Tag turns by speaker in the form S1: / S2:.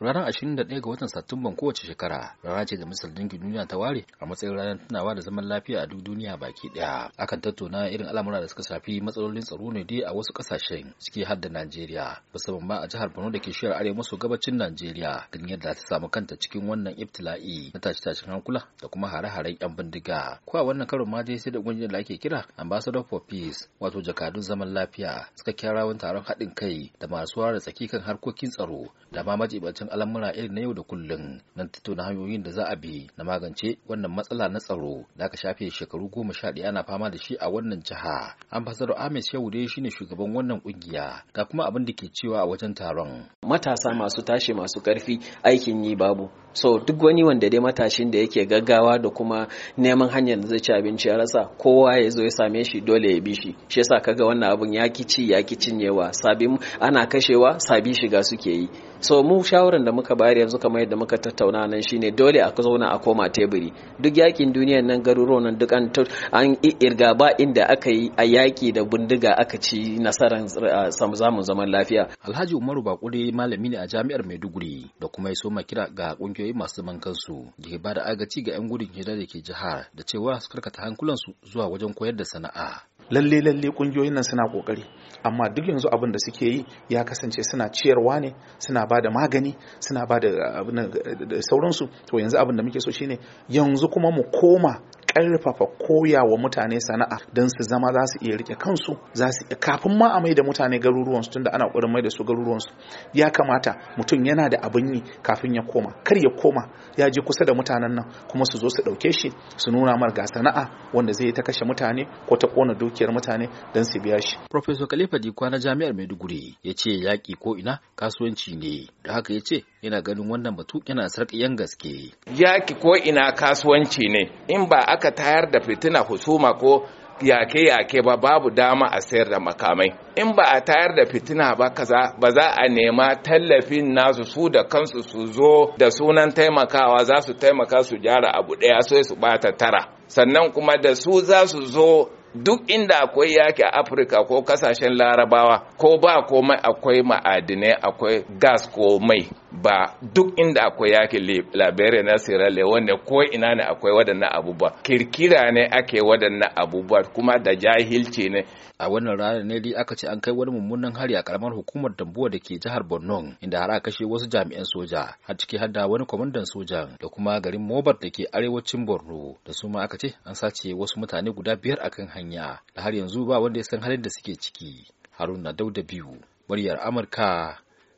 S1: Ranar 21 ga watan Satumban kowace shekara rana ce da Misal dangin Duniya ta ware a matsayin ranar tunawa da zaman lafiya a duk duniya baki daya. Akan tattauna irin al'amura da suka shafi matsalolin tsaro ne dai a wasu kasashen ciki har da Najeriya, musamman ma a jihar Borno da ke shiyar arewa maso gabacin Najeriya, ganin yadda ta samu kanta cikin wannan ibtila'i na tashi-tashin hankula da kuma hare-haren 'yan bindiga. Ko a wannan karon ma dai sai da gungun da ake kira Ambassador for Peace, wato jakadun zaman lafiya, suka kira taron haɗin kai da masu ware tsaki harkokin tsaro da ma majibar lokacin al'amura irin na yau da kullum don tattauna hanyoyin da za a bi na magance wannan matsala na tsaro da aka shafe shekaru goma sha ɗaya ana fama da shi a wannan jiha. Ambassador Ahmed Shehu dai shine shugaban wannan kungiya ga kuma abin da ke cewa a wajen taron. Matasa masu tashi masu
S2: karfi aikin yi babu. So duk wani wanda dai matashin da yake gaggawa da kuma neman hanyar da zai ci abinci ya rasa kowa ya zo ya same shi dole ya bi shi. Shi yasa kaga wannan abun ya ci ya ki cinyewa ana kashewa sabi shiga suke yi. so mu shawaran da muka bayar yanzu kamar yadda muka tattauna nan shine dole a zauna a koma teburi duk yakin duniya nan garuruwan nan duk an an irga ba inda aka yi a yaki da bindiga aka ci nasarar samun eh, zaman lafiya
S1: Alhaji Umaru Bakure malami ne a jami'ar Maiduguri da kuma ya soma kira ga kungiyoyi masu zaman kansu da ke bada agaci ga 'yan gudun hijira da ke jihar da cewa su karkata hankulansu zuwa wajen koyar da sana'a
S3: lalle lalle kungiyoyin nan suna kokari amma duk yanzu abin da suke yi ya kasance suna ciyarwa ne suna ba da magani suna ba da sauransu to yanzu abin da muke so shine yanzu kuma mu koma karfafa koya wa mutane sana'a don su zama za su iya rike kansu za su iya kafin ma a mai da mutane garuruwansu tunda ana ƙoƙarin mai da su garuruwansu ya kamata mutum yana da abin yi kafin ya koma kar ya koma ya je kusa da mutanen nan kuma su zo su ɗauke shi su nuna mar ga sana'a wanda zai ta kashe mutane ko ta ƙona dukiyar mutane don su biya shi. Profesor
S1: Khalifa Dikwa na Jami'ar Maiduguri ya ce yaƙi ko ina kasuwanci ne da haka ya ce yana ganin wannan batu yana sarƙiyan gaske
S4: yaki ko ina kasuwanci ne in ba aka tayar da fitina husuma ko yake-yake ba babu dama a sayar da makamai in ba a tayar da fitina ba kaza ba za a nema tallafin nasu su da kansu su zo da sunan taimakawa za su taimaka su gyara abu ɗaya sai su bata tara sannan kuma da su za su zo duk inda akwai yaki a afirka ko kasashen larabawa ko ba komai akwai ma'adinai akwai gas ko mai ba duk inda akwai yakin labere na sierra leone ko ina ne akwai waɗannan abubuwa kirkira ne ake waɗannan abubuwa kuma da jahilci ne a wannan ranar ne dai
S1: aka ce an kai wani mummunan hari a karamar hukumar dambuwa da ke jihar borno inda har a kashe wasu jami'an soja har ciki har da wani kwamandan sojan da kuma garin mobar da ke arewacin borno da su ma aka ce an sace wasu mutane guda biyar a kan hanya da har yanzu ba wanda ya san halin da suke ciki haruna dauda biyu muryar amurka